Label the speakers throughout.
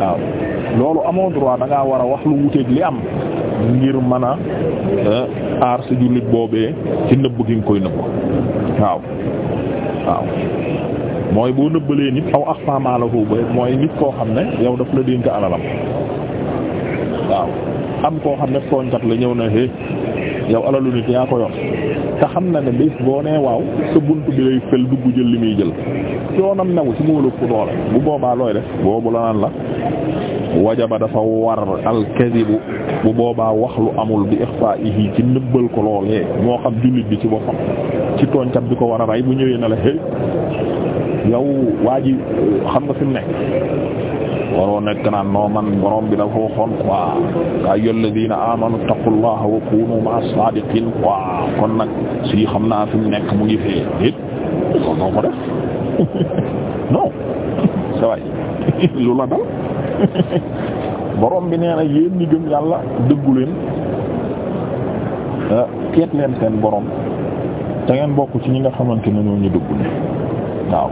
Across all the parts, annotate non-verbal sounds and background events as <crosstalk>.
Speaker 1: waaw loolu amoo droit danga ngaa war a wax lu wuteeg li am ngir mën a euh, aar sa jullit boobee ci nëbb gi nga koy nëbb waaw mooy boo nëbbalee nit aw ak faamaalahu ba mooy koo xam ne yow daf la am koo xam ne tooñkat la ñëw na hé ko yor xam na ne boo nee waaw sa bunt li muy jël yoonam new ci moo la ko doole bu boobaa looy def boobu la naan la wajaba dafa war alkadibu bu boobaa wax lu amul bi ixfaa'ihi ci nëbbal ko loolee moo xam jullit bi ci boppam ci tooñkat bi ko war a rey bu ñëwee na la hey yow waa xam nga fi mu nekk waroo nekk naan noo man borom bi dafa waxoon quoi yaa ayyuhal ladina amanu taqullaha wa kunu ma'as saadiqin quoi kon nag si xam naa fi mu nekk mu ngi fee déet kon noo ko def <laughs> non sa way lu la dal <laughs> boroom bi nee na yéen ñi gëm yàlla dëggu leen keet ah, leen seen borom te ngeen bokk ci ñi nga xamante ne ñoo ñu dëggu waaw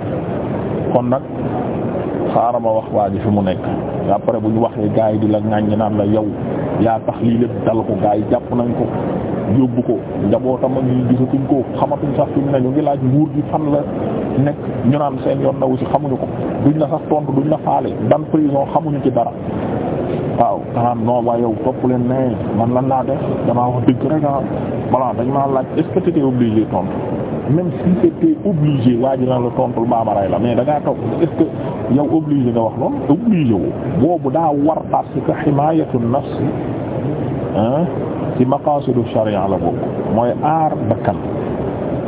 Speaker 1: kon nag xaaral ma wax waa ji fi mu nekk après bu ñu waxee gaay yi di la ŋàññi naan la yow yaa tax lii lépp dal ko gaa yi jàpp nañ ko yóbbu ko njabootam ak yi gisatuñ ko xamatuñ sax fi mu ne ñu ngi laaj nguur gi fan la. nekk ñu naan seen yoon nawu ci xamuñu ko duñ la sax tontu duñ la faale ban prison xamuñu ci dara waaw xanaa non waaye yow topp leen ne man lan laa def damaa wax dëgg rek ah voilà dañ maa laaj est-ce que t'étais obligé tontu même si c'était obligé waa ji na la tontul baamaray la mais dangaa ngaa topp est-ce que yow obligé nga wax noonu obligé wu boobu daa war parce que himayatu nafs ah ci maqasidu sharia la bokk mooy aar bakkan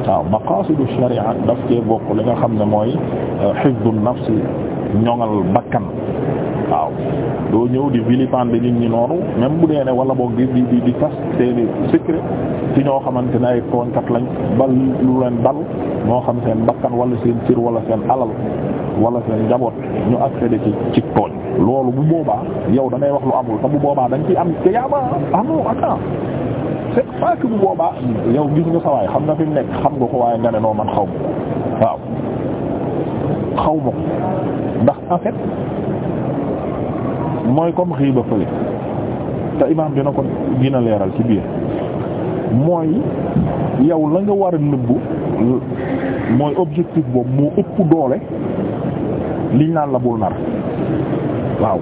Speaker 1: waaw maqaasidu shari'a daf cee bokk li nga xam ne mooy euh, hifdu nafs ñoŋal bakkan waaw doo ñëw di vilipender nit ñi noonu même bu dee ne wala boog di di di tas seeni secret ci ñoo xamante ne ay tooñkat lañ bal lu leen dal ñoo xam seen bakkan wala seen cër wala seen alal wala seen njaboot ñu accéder ci ci tooñ loolu bu boobaa yow da wax lu amul te bu boobaa dañ ciy am te yaaba ah non attends c'est pas bu boobaa yow gis nga sawaay xam nga fi mu nekk xam nga ko waaye nga ne noo man xaw ma waaw xaw ma ko ndax en mooy comme xiiba fële te imaam dina ko dina leeral ci biir mooy yow la nga war a nëbbu mooy objectif boobu moo ëpp doole liñ naan la bul nar waaw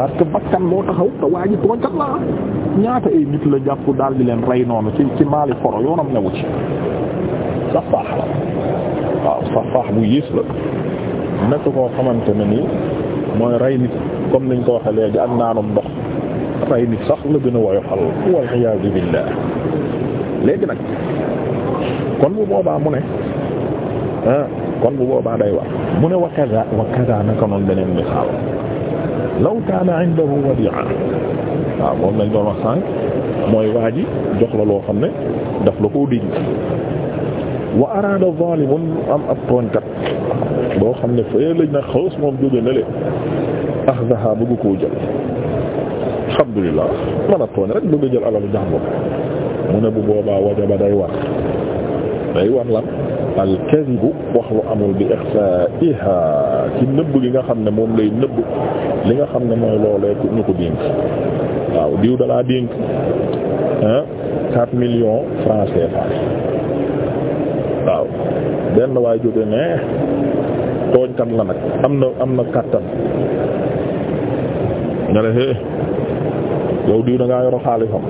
Speaker 1: parce que bakkan moo taxaw te waa ji tooñkat la ñaata ay nit la jàpp daal di leen rey noonu ci ci maali foro yoonam newu ci sax faax la waaw sax faax bu yées la nekk koo xamante ne nii mooy rey nit comme niñ ko waxee léegi ak naanum ndox rey nit sax la gën a woyofal wal iyaazu billaah léegi bu boobaa mu ne ah kon bu boobaa wa wa kaza noonu beneen misaal law kaana indahu wadi'a waaw moom mooy waa jox la loo xam ne daf la koo dégg wa araada zalimun am ab tooñkat boo xam ne fee lañ na xaws moom jóge na le axdaha bëgg koo jël alhamdulillah man a tooñ rek bëgg jël alalu jàmbur mu ne bu boobaa wajaba day war day war lan al kadhibu ci nëbb gi nga xam ne moom lay nëbb li nga xam ne mooy loolee ñu ko dénk waaw diw dalaa dénk ah 4 millions francs CFA waaw benn waay jóge ne tooñkat la nag am na am na kàttan nga ne hé yow diw da ngaa xaalisam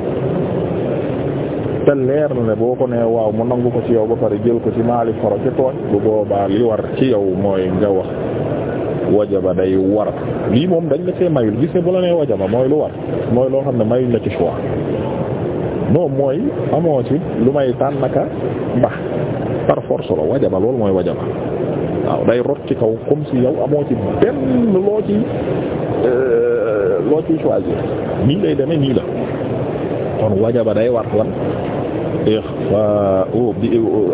Speaker 1: te leer na ne boo ko nee waaw mu nangu ko ci yow ba pare jël ko ci maali foro ci tooñ bu boobaa li war ci yow mooy nga wax wajaba day war lii moom dañ la see mayul gis ne bu la nee wajaba mooy lu war mooy loo xam ne mayuñ la ci choix non mooy amoo ci lu may tànn mbax par force la wajaba loolu mooy wajaba waaw day rot ci kaw comme si yow amoo ci benn loo ci euh, loo ciy choisir nii lay demee nii la kon wajaba day war lan ixfaa'u bi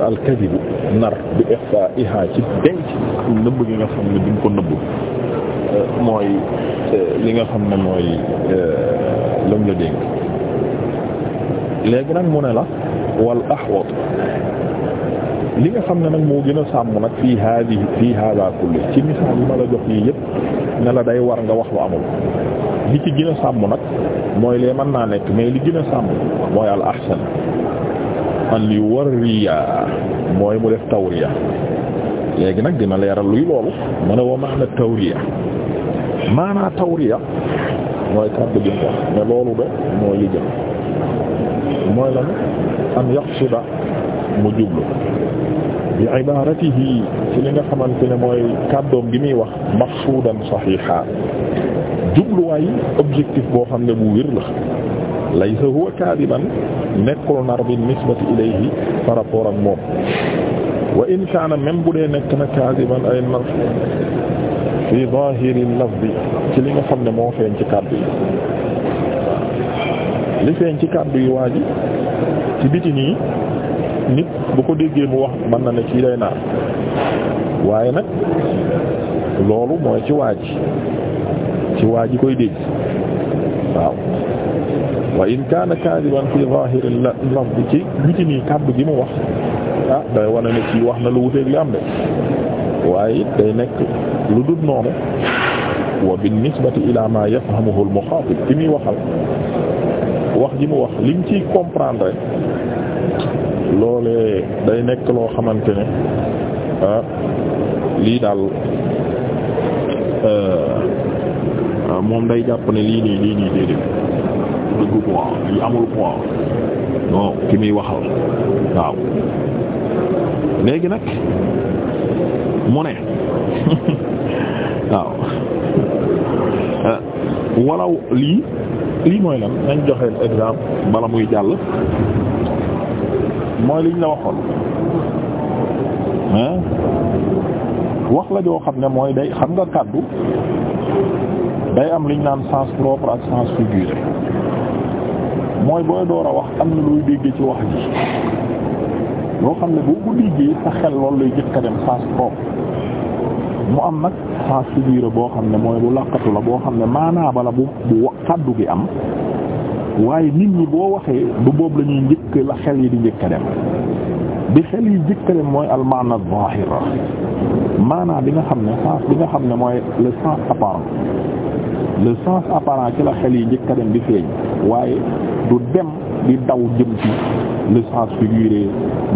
Speaker 1: al-kadhib nar bi ixfaa'iha ci denc nëbb gi nga xam ne bi nga ko nëbb mooy euh, li nga xam ne mooy euh, lam la dénk léegi nag mu ne la wal ahwat li nga xam ne nag moo gën a sàmm nag fii hadihi fii hada kulli ci misaal yi ma la jox yi yëpp ne la day war nga wax lu amul li ci gën a sàmm nag mooy lee mën naa nekk mais li gën a sàmm mooy al ahsan an yuwarriya mooy mu def tawriya léegi nag dina leeral luy loolu mu ne wa maana tawriya maana tawriya mooy kàddu gi wax ne loolu de mooy li gën mooy lan an yaqsuda mu jublu bi ibaratihi nga xamante ne mooy kàddoom gi muy wax maqsudan saxiixa jubluwaay objectif boo xam ne bu wér la laysa huwa nekkul nar bi nisbati ilayhi par rapport ak moom wa in kaana bu dee nekk na kaasiban ay nar fi zahiri lafzi ci li nga xam ne moo feeñ ci kàddu yi li feeñ ci kàddu yi waa ji ci biti nii nit bu ko déggee mu wax mën na ne kii day nar waaye nag loolu mooy ci waa ji ci waa ji koy dégg waaw wa in kaana kaadiban fi zaahiri lafdi ci bitini kàddu gi mu wax ah day wane ne ci wax na lu wuteeg li am de waaye it day nekk lu dul noonu wa binnisbati ila ma yafhamuhu al muxaatab ki muy waxal wax gi mu wax lim ci comprendre loolee day nekk loo xamante ne ah lii daal euh, ah, moom day jàpp ne lii nii déedéet dëgg quoi lii amul quoi non ki muy waxal waaw léegi nag mu ne <laughs> waaw euh, walaw lii lii mooy lan nañ joxe exemple bala muy jàll mooy liñ la waxoon hein wax la joo xam ne mooy day xam nga kàddu day am liñ naan sens propre ak sens figuré mooy booy door a wax am na looy déggee ci wax ji loo xam ne boo ko déggee sa xel loolu lay jëkk a dem sens propre mu am nag sens figuré boo xam ne mooy bu laqatu la boo xam ne maanaa bala bu bu kàddu gi am waaye nit ñi boo waxee du boobu la ñuy njëkk la xel yi di njëkk a dem bi xel yi njëkk dem mooy al maana zahir maanaa bi nga xam ne sens bi nga xam ne mooy le sens apparent le sens apparent ci la xel yi njëkk a dem bi feeñ waaye du dem di daw jëm ci le sens figuré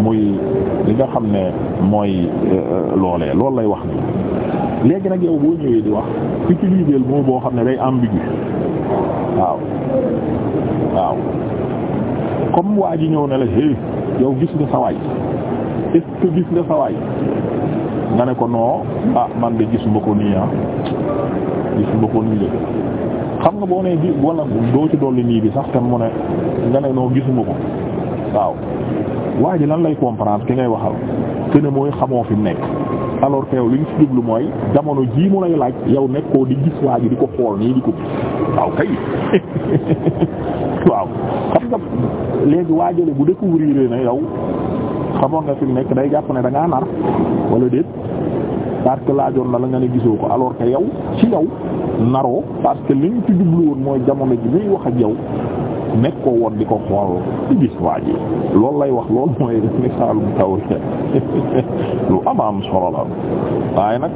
Speaker 1: muy li nga xam ne mooy euh, loolee loolu lay wax ni léegi nag yow boo ñëwee di wax utiliser mot boo xam ne day ambigu waaw waaw comme waa ji ñëw ne la hey yow gis nga sa waay gis nga sa nga ne ko noo ah man de gisuma ko nii ah gisuma ko nii de xam nga boo ne gi wala doo ci dolli nii bi sax te mu ne nga ne non gisuma ko waaw waa ji lan lay comprendre ki ngay waxal te ne mooy xamoo fi mu nekk alors que yow li ñu ci mooy jamono jii mu lay laaj yow nekkoo di gis waa ji di ko xool nii di ko waaw kay <laughs> waaw xam nga léegi waajale bu découvrir na yow xamoon nga fi mu nekk day jàpp ne da ngaa nar wala déet parce que laajoon na la nga ne gisoo ko alors que yow ci yow naroo parce que li ñu ci jublu woon mooy jamono ji muy wax ak yow nekk ko woon di ko xool di gis waa ji loolu lay wax lool mooy misaalum tawri lu ama am solo la waaye nag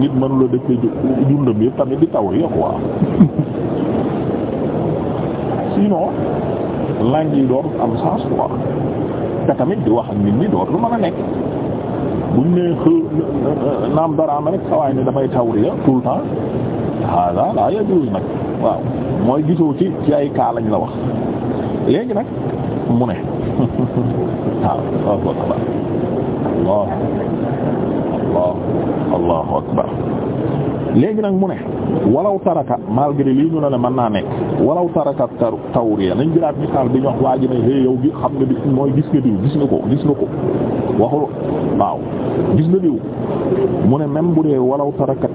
Speaker 1: nit mënula dëkk dundam yëpp tamit di tawri quoi sinon langue yi doon am sens quoi te tamit di wax ak nit ñi dootul mën nekk buñ nee xë naam dara ma rek sawaay ne dafay tawriya tout le temps la yajuuz nag waaw mooy gisoo ci ay kaa lañ la wax léegi nag mu ne <laughs> waaw allahu akbar allah allahu akbar léegi nag mu ne walaw taraka malgré lii ñu ne ne mën naa nekk walaw taraka taru tawriya nañ jëlaat misaal bi ñu wax waa ji ne yow gi xam nga di mooy gis nga diw gis nga ko gis ko waxul waaw ne même bu dee walaw taraka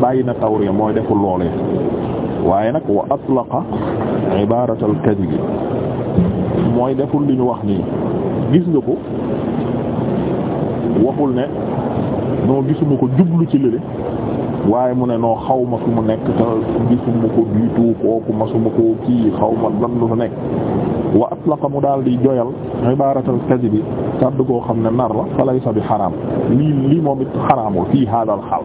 Speaker 1: bàyyi na tawriya mooy deful loolee waaye nag wa atlaqa ibaratal mooy deful li ñu wax nii gis nga ko waxul ne noo gisuma ko jublu ci lële waaye mu ne noo xaw ma su mu nekk te gisuma ko du tout kooku ma su ma koo kii xaw ma lan lu fa nekk wa atlaqa mu daal di joyal ibaratal kadibi kàddu koo xam ne nar la fa laysa bi xaraam lii lii moom it xaraamul fii haadal xaal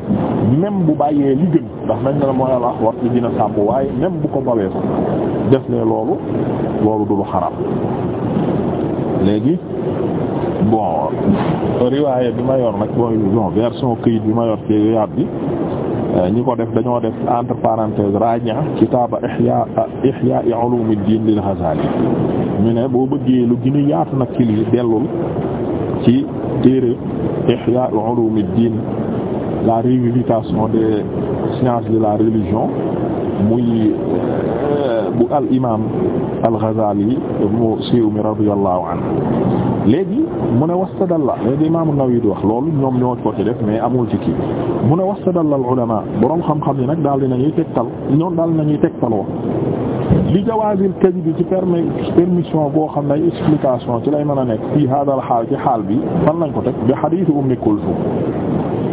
Speaker 1: même bu bàyyee li gën ndax nañ ne mooy wax wax ci dina sàmm waaye même bu ko bawee sax def ne loolu loolu du xaraam léegi bon riwaaye bi ma yor nag mooy bon version këyit bi ma yor ci bi Euh, ñi ko def dañoo def entre parenthèses raja kitaaba ihya ihya ulumuddin lil Ghazali ñu ne boo bëggee lu gën a yaatu nag ci lii dellul ci téere ihya ulumuddin la révivification la religion muy euh, bu al imam al-Ghazali mu siiw mi radiyallahu anhu léegi mu ne wastadalla léegi imaam an-Nawawi di wax loolu ñoom ñoo ko ci def mais amul ci kii mu ne wastadalla al-ulama boroom xam-xam yi nag daal di nañuy tegtal ñoom daal di nañuy tegtaloo li jawaazil kadhib ci permi permission boo xam ne ay explication ci lay mën a nekk fii haadal xaal ci xaal bi fan lañ ko teg bi hadiisu Ummi Kulthum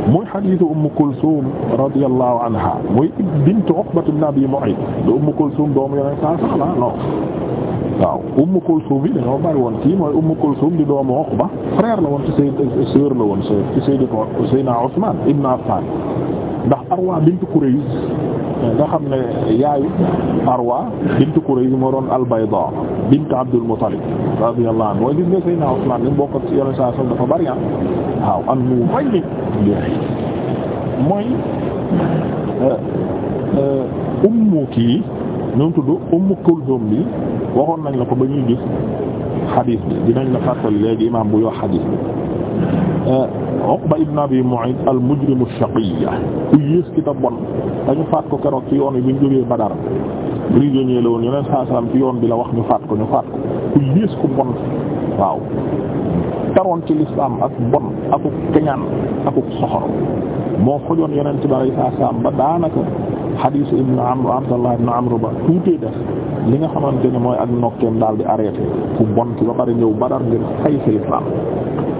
Speaker 1: muy xadiisu Umm Kulsum radiyallahu anha muy bintu Uqbata ibn Abi Mu'ayt de Umm Kulsum doomu Yonent saa sax la non waaw Umm Kulsum bi dañoo bari woon kii mooy Umm Kulsum di doomu Uqba frère la woon ci Sayyid sœur la woon ci Sayyid Sayyidina Usman ibn Affan ndax Arwa bint Kurayz nga xam ne yaayu Arwa bint Kurayz moo doon al-Bayda bint Abdul Muttalib radiyallahu anhu mooy gis nga Seydina Usmaan ni bokk ak yoneen saa sallam dafa bari ah. waaw am nu rëy mooy euh, euh, ummu kii ñu tudd Ummu Kulthum bi waxoon nañ la ko ba ñuy gis xadiis dinañ la fàttali léegi imaam bu yoo xadiis Euh, Uqba ibn Abi Mu'ayt al-mujrimu ash-shaqiyya ku yées ki ta bon ko keroog ci yoon wi bu ñu jógee Badar prisonnier la woon yeneen saa salaam ci yoon bi la wax ñu faat ko ñu faat ko ku yées ku bon waaw taroon ci lislaam ak bon akuk keñaan akuk soxor moo xojoon yeneen ci bari saa salaam ba daanaka xadiisu ibn Amr Abdallah ibn Amr ba tuutee def li nga xamante ne mooy ak nokkeem daal di arrêté ku bon ki ba pare ñëw Badar ngir fay sa lislaam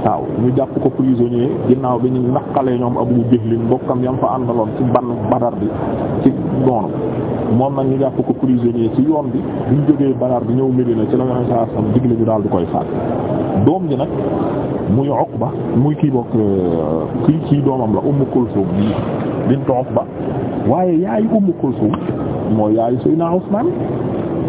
Speaker 1: waaw ñu jàpp ko prisonnier ginnaaw bi ñu naqalee ñoom Abu Jahl mbokkam yam fa àndaloon ci ban Badar bi ci noonu moom nag ñu jàpp ko prisonnier ci yoon bi bu ñu jógee Badar bi ñëw Medina ci la Yonent saa sam digle ñu daal di koy faat doom ji nag muy ba muy kii bokk euh, kii kii doomam la Umm Kulsum bii bint Uqba waaye yaayu Umm Kulsum mooy yaayu Seydina Usmaan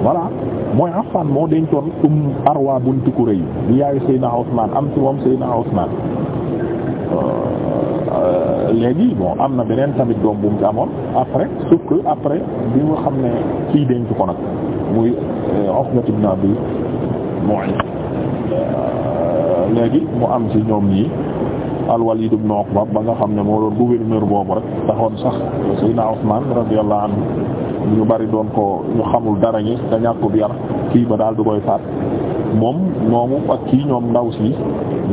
Speaker 1: voilà mooy Affan moo dencoon um Arwa bintu Kurayb di yaayu Seydina Usmaan am ci moom Seydina Usmaan euh, euh, léegi bon am na beneen tamit doom bu mu ci amoon après sauf que après bi nga xam ne kii denc ko nag muy euh, Uqbat ibn Abi Mu'ayt léegi mu am ci ñoom ñii al-Walid ibn Uqba ba nga xam ne moo doon gouverneur boobu rek taxoon sax Seydina Usmaan radiyallahu anhu ñu bari doon ko ñu xamul dara ñi da ñàkkub yar kii ba daal du koy faat moom moomu ak kii ñoom ndaw si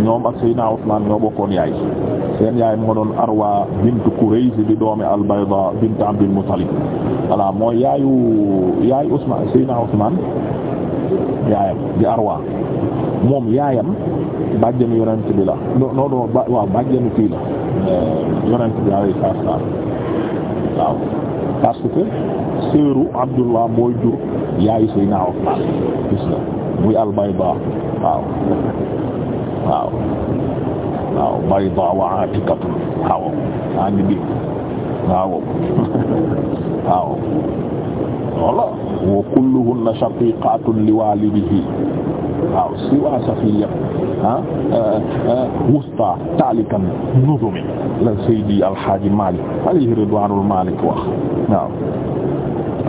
Speaker 1: ñoom ak Seydina Usmaan ñoo bokkoon yaay seen yaay moo doon Arwa bint Kurayz moom yaayam bàjjenu yonent bi la non non waaw bàjjenu kii la euh, yonent bi alayhi salaam waaw. parce que seeru Abdullah mooy jur yaayu Seydina Usmaan gis nga muy al Bayda waaw waaw waaw Bayda wa Aatikatu waaw maa ngi dégg waaw <laughs> waaw walla wa kulluhunna shaqiqatun li walidihi waaw siwa safiya ah eh, eh, wusta talikan nuzumi la seydi alhaaji malik alayhi ridwanul malik wax waaw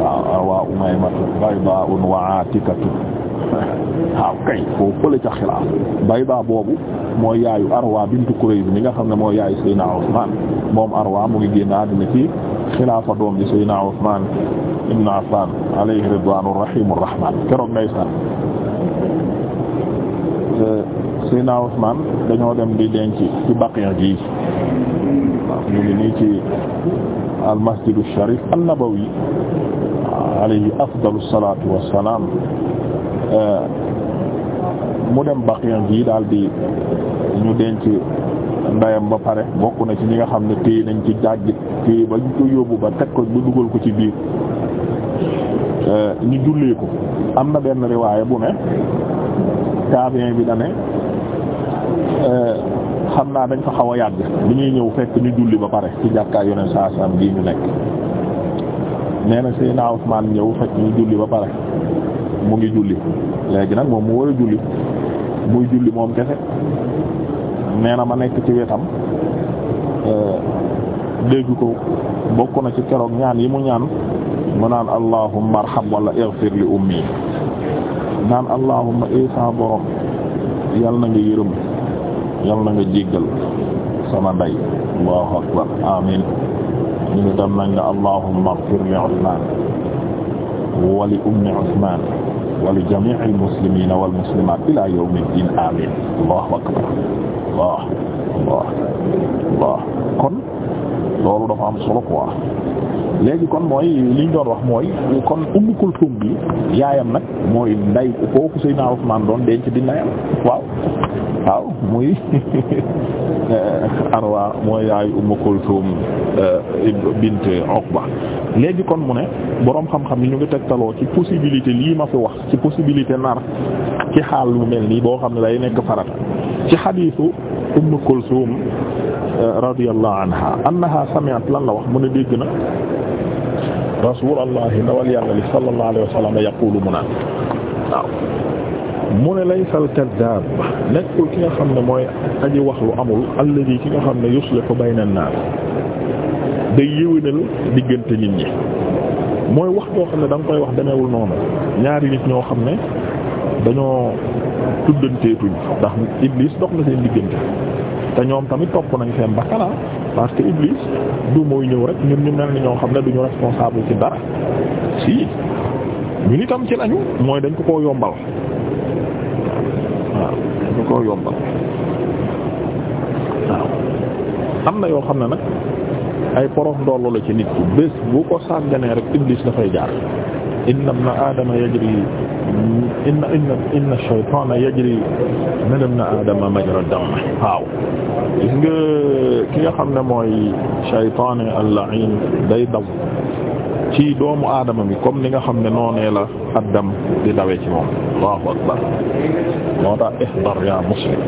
Speaker 1: waaw ah, wa umaymatu bayda'un wa atikatu <laughs> waaw kay foofu fële ca xilaaf bayda boobu moo yaayu arwa bintu Kurayz mi nga xam ne moo yaayu Seydina Usmaan moom arwa mu ngi génn àddina ci xilaafa doom ji Seydina Usmaan ibn Affaan alayhi ridwaanu rahiimu rahmaan keroog ndeysaan Euh, Seyna Ousmane dañoo dem di denc ci Baqiya gi ñu ngi nii ci al masjidu sharif an nabawi alayhi afdalu salaatu wa salaam euh, mu dem Baqiya gi daal di ñu denc ndeyam ba pare bokk na ci ñi nga xam ne téye nañ ci jàjj téye ba ñu yóbbu ba teg ko ba dugal ko ci biir euh, ñu jullee ko am na benn riwaaya bu ne. tabi'in bi dane euh, xam naa dañ fa xaw a yàgg bi ñuy ñëw fekk ñu julli ba pare ci jàkkaay yoneen saa saam gii ñu nekk neena na Seydina ñëw fekk ñu julli ba pare mu ngi julli léegi nag moom mu war a julli muy julli moom kese nee na ma nekk ci wetam euh, dégg ko bokk na ci keroog ñaan yi mu ñaan mu naan allahumma arham wala ighfir li ummi naan allahumma esa borom yal na nga yërëm yal na nga jéggal sama ndey allahu akbar amin ñu ngi tam nañ la allahumma ighfir li Usman wa li ummi Usman wa li jami'i al-muslimina wal muslimat ila yawmi ddin amin allahu akbar allah allah allah kon loolu dafa am solo quoi léegi kon mooy liñ doon wax mooy kon Ummu Kulthum bi yaayam nag mooy nday kooku Seydina Usmaan doon denc di ndayam waaw waaw muy <laughs> Arwa mooy yaayu Ummu Kulthum eh, bint Uqba léegi kon mu ne boroom xam-xam yi ñu ngi tegtaloo ci possibilité lii ma fi wax ci possibilité nar ci xaal lu mel nii boo xam ne day nekk farata ci xadiisu Ummu Kulthum eh, radiyallahu anha annaha sami'at lan la wax mu a dégg na rasulallahi ndawal yàlla li sallallahu alayhi wa sallam yaqulu mu naan waaw mu ne laysa al-kaddaab nekkul ki nga xam ne mooy aji wax lu amul alladi ki nga xam ne yuslihu bayna an-naas day yëwénal diggante nit ñi mooy wax joo xam ne da nga koy wax demeewul noonu ñaari nit ñoo xam ne dañoo tuddanteetuñ ndax Iblis dox na seen diggante te ñoom tamit topp nañ seen bakkanaa parce que Iblis du mooy ñëw rek ñun ñu mel ni ñoo xam ne duñu responsable ci dara si ñun itam ci lañu mooy dañ ko koo yombal waaw dañ koo yombal waaw am na yoo xam ne nag ay porof ndollu la ci nit ku bés bu ko sàgganee rek Iblis dafay jaar inna ibna aadama yajri inna inna inna shaytaana yajri min ibna aadama majra dam waaw gis nga ki nga xam ne mooy shaytaane al-la'iin day daw ci doomu aadama bi comme ni nga xam ne noonee la addam di dawee ci moom allahu akbar moo tax ihdar yaa muslim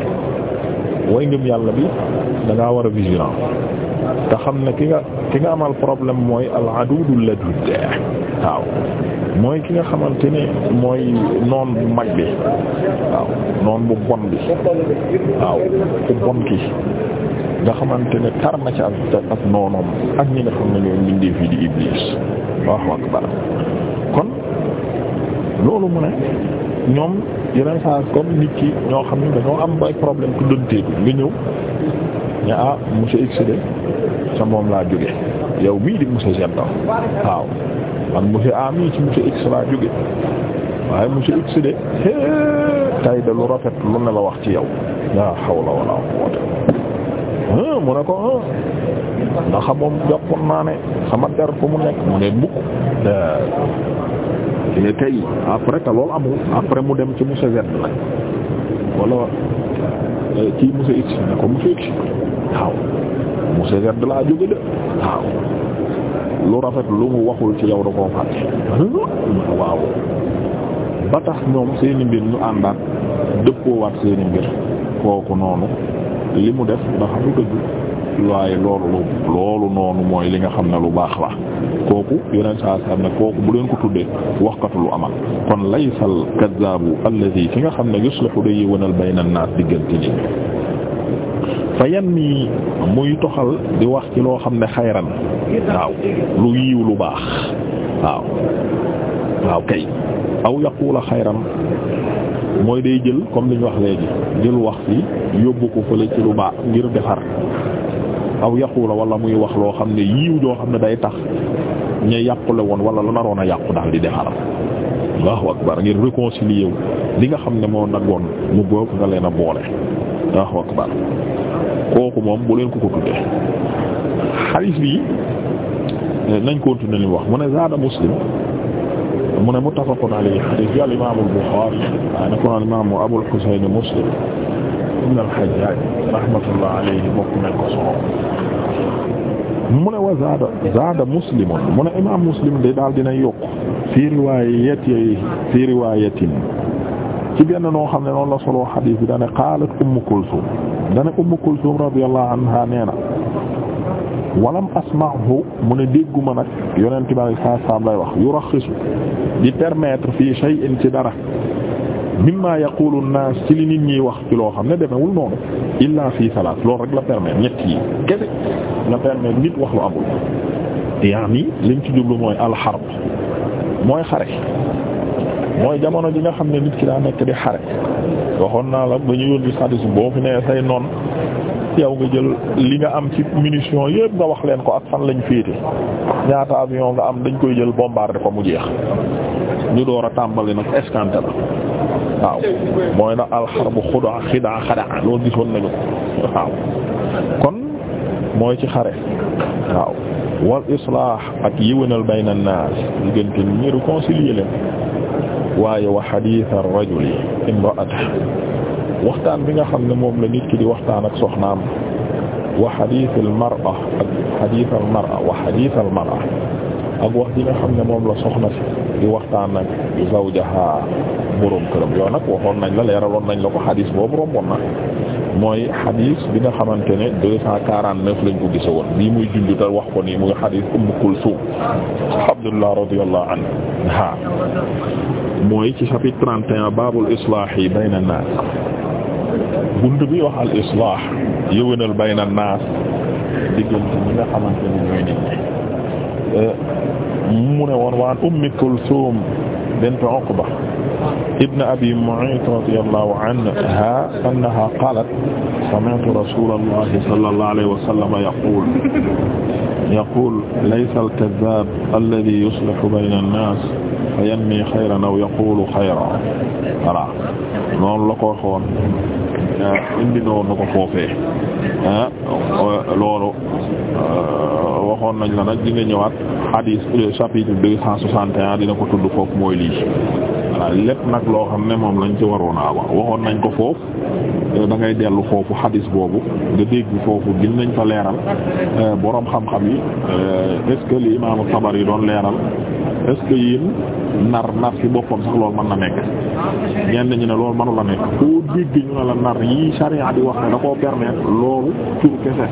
Speaker 1: way ngëm yàlla bi da ngaa war a vigilant te xam ne ki nga ki nga amal problème mooy al adudul ladud waaw mooy ki nga xamante ne mooy noon bu mag bi waaw noon bu bon bi waaw ku bon ki nga xamante ne tar na ci ak ak noonoom ak ñi nga xam ne ñooy mbindee fii di Iblis waaw akbar kon loolu mu ne ñoom yeneen saa comme nit ki ñoo xam ne dañoo am ay problème ku dënteeku nga ñëw. ne ah monsieur X de sa moom laa jóge yow mii di monsieur Z waaw man monsieur A mii ci monsieur X laa jóge waaye monsieur X de tay da lu rafet lu ne la wax ci yow la hawla la quwwata mu ne ko ndax moom jàppoon naa ne sama mu nekk mu ne mukk te tey après te loolu amul après mu dem ci monsieur Z na wala euh, kii monsieur X ne ko monsieur X waaw monsieur Z laa jóge de waaw lu rafet lu mu waxul ci yow da koo fàtte waaw ba tax ñoom seeni mbir ñu àndaat dëppoowaat seeni mbir kooku noonu li mu def ndax lu dëgg waaye loolu loolu noonu mooy li nga xam ne lu baax la kooku yeneen saa saa ne kooku bu leen ko tuddee waxkatu lu amal kon laysal kazzaabu alladi ki nga xam ne yuslihu day yëwanal bayna naas diggante ni fa yanmi muy toxal di wax ci loo xam ne xayran waaw lu yiw lu baax waaw waaw kay aw yaqula xayran mooy day jël comme li ñu wax léegi jël wax ci yóbbu ko fële ci lu baax ngir defar aw la wala muy wax loo xam ne yiiw joo xam ne day tax ña yàqule woon wala lu naroon a yàqu daal di defar allahu akbar ngir réconcilier li nga xam ne moo naggoon mu bokk nga leen a boole allahu akbar kooku moom bu leen ko ko tuddee xadiis bi eh, nañ continuer li wax mu ne zaada muslim mu ne muttafaqun alayhi xadiis bi al imaamu al buxaari waaye na ko al imaamu abul xuseyn muslim al xajjaaj raxmatullah alayhi bokk nañ ko solo mu ne wa zaada zaada muslimun mu imaam muslim de daal dina yokk fii riwaayati fii riwaayatin ci benn noo xam ne noonu la solo xadiis bi dane qaalat ummu kulsum dane ummu kulsum radiyallahu anha nee na walam asma'hu mu ne dégguma nag yonent salaam lay wax yuraxisu di permettre fii shay'in ci dara mimma yaqulu an-nas ci li nit wax ci loo xam ne demewul noonu illa fii salaat loolu rek la permettre ñett yi kese la permettre nit wax lu amul yaani liñ ci jublu mooy alxarb mooy xare mooy jamono ji nga xam ne nit ki daa nekk di xare waxoon naa la ba ñu yónni sadisu boo fi nee say noon yow nga jël li nga am ci munition yépp nga wax leen ko ak fan lañ féete ñaata avion nga am dañ koy jël bombarder ko mu jeex ñu door a tàmbali nag escanté la waaw mooy na alxarbu xudaa xidaa xadaa loolu gisoon nañu ko waaw kon mooy ci xare waaw wal islaax ak yiwénal bayna naas diggante ñi réconcilier leen waaye wa xadiis ar-rajuli imraatah waxtaan bi nga xam ne moom la nit ki di waxtaan ak soxnaam wa xadiis al-mar'a ak xadiis al-mar'a wa xadiis al-mar'a ak wax ji nga xam ne moom la soxna si di waxtaan ak zawjaha boroom këram yow nag waxoon nañ la leeraloon nañ la ko xadiis boobu romboon na mooy xadiis bi nga xamante ne deux cent quarante neuf lañ ko gisa woon bii muy junj ta wax ko nii muy xadiis Umm Kulsum Abdullah radiyallahu anha mooy ci chapitre trente et un baabul islaahi bayna naas bunt bi wax al islaah yëwénal bayna naas diggante ñi nga xamante ne ñooy nit ñi euh, mu ne woon waan Umm Kulsum bint Uqba ibn abi Mu'ayt radiyallahu anha annaha qalat sami'tu rasulallahi sallallahu alayhi wa sallam yaqul yaqul laysa al-kadhdhab alladhi yuslihu bayna an-nas fayanmi xayran aw yaqulu xayran voilà noonu la ko waxoon eh, indi doon na ko foofee ah loolu eh, waxoon nañ la nag dina ñëwaat hadith chapitre deux cent soixante et un dina ko tudd foofu mooy lii voilà lépp nag loo xam ne moom lañ ci waroon a waxoon nañ ko foofu da ngay dellu foofu xadis boobu nga dégg foofu gën nañ fa leeral euh, boroom xam-xam yi euh, est-ce que li imaamu Tabari doon leeral est-ce nar nar ci boppam sax loolu mën na nekk ñenn ñi ne loolu mënu nekk foo dégg ñu ne la nar yi sariya di wax ne da koo permettre loolu tur kese.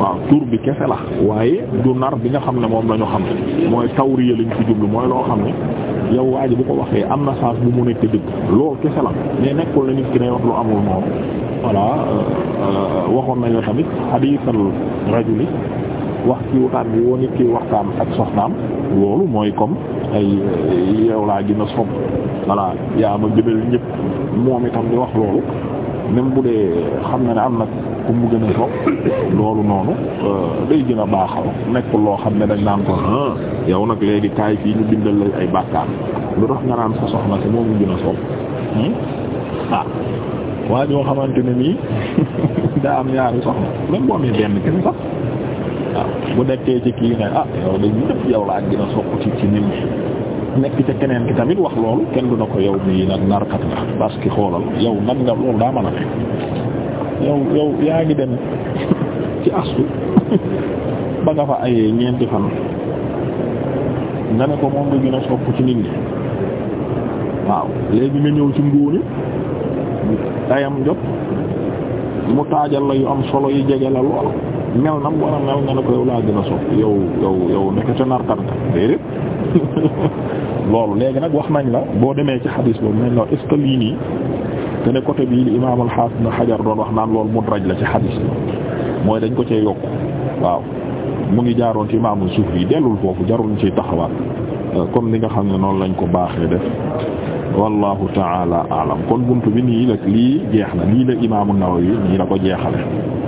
Speaker 1: waaw tur bi kese la waaye du nar bi nga xam ne moom la ñu xam mooy tawriya lañ ci jublu mooy loo xam ne yow waa bi ko waxee am na sens bu mu nekk dëgg loolu kese la mais nekkul la nit ki ne wax lu amul noonu voilà euh, waxoon nañ la tamit hadithal rajuli wax ci wutaan bi woo nit ki waxtaan ak soxnaam loolu mooy comme ay euh, yow laa gën a sob voilà yaa ma gënal ñëpp moom itam di wax loolu même bu dee xam na ne am na mu gën a toog loolu noonu euh, day gën a baaxal nekkul loo xam ne dañ naan ko yow nag léegi kaay fii ñu bindal la ay bàkkaar lu tax nga naan sa soxna si moom mu gën a soog hmm? ah waa xamante ne nii <laughs> daa am ñaari soxna même boo amee benn kenn sax waaw ah, bu dekkee ci kii ne ah yow dañ ñëpp yow laa gën a sopp ci ci nit ñi nekk ca keneen ki tamit wax loolu kenn du na ko yow mii nag narkat nga parce xoolal yow nan nga loolu daa mën a nekk yow yaa ngi dem ci astu <laughs> ba nga fa ayee ñeenti fan nga ne ko moom nga gën a sopp ci nit ñi waaw léegi nga ñëw ci ngóoni ayam jot mu taajal la yu am solo yi jege la lool mel nam war a mel nga ne ko yow laa gën sopp yow yow yow nekk ca nartar nga déedéet <laughs> loolu léegi nag wax nañ la boo demee ci xadiis boobu nañ la est-ce que te ne côté bii li imaam al-Hafiz Ibn Hajar doon wax naan loolu mudraj la ci xadis mooy dañ ko cee yokk waaw mu ngi jaaroon ci imaamul Zuhri dellul foofu jarul ñu ciy taxawaat euh, comme ni nga xam ne noonu lañ ko baaxee def wallahu taala alam kon buntu bi nii la lii jeex na lii la imaamu Nawawi nii la ko jeexale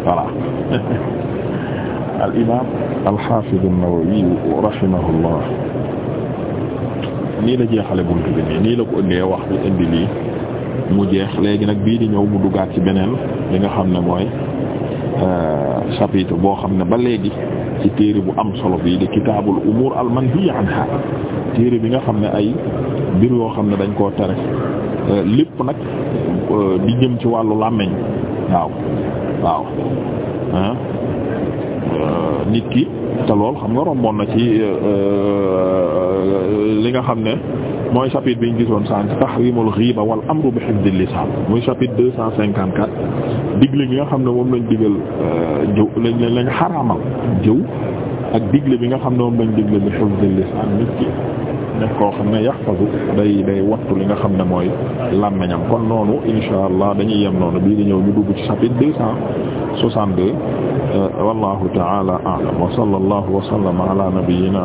Speaker 1: voilà <laughs> al imaam al nawawi rahimahullah nii la jeexale buntu bi nii nii la ko indee wax bi indi lii mu jeex léegi nag bii di ñëw mu duggaat ci beneen li nga xam ne mooy euh, chapitre boo xam ne ba léegi ci téere bu am solo bii di kitaabul umuur al manhiya anha téere bi nga xam ne ay mbir yoo xam ne dañ koo tere euh, lépp nag euh, di jëm ci wàllu làmmeñ waaw waaw ah nit ki te lool xam nga romboon na ci li nga xam ne mooy chapitre bi ñu gisoon sànq tahrimul ghiba wal amru bi hifdil lisan muy chapitre deux cent cinquante quatre digle bi nga xam ne moom lañ digal euh, jëw lañ lañ xaraamal jëw ak digle bi nga xam ne moom lañ digle bi hifdil lisan nit ki nekk koo xam ne yaxfazu day day wattu li nga xam ne mooy làmmiñam kon noonu insha allah dañuy yem noonu bii di ñëw ñu dugg ci chapitre deux cent soixante-deux euh, wallahu ta'ala a'lam wa sallallahu wa sallama ala nabiyyina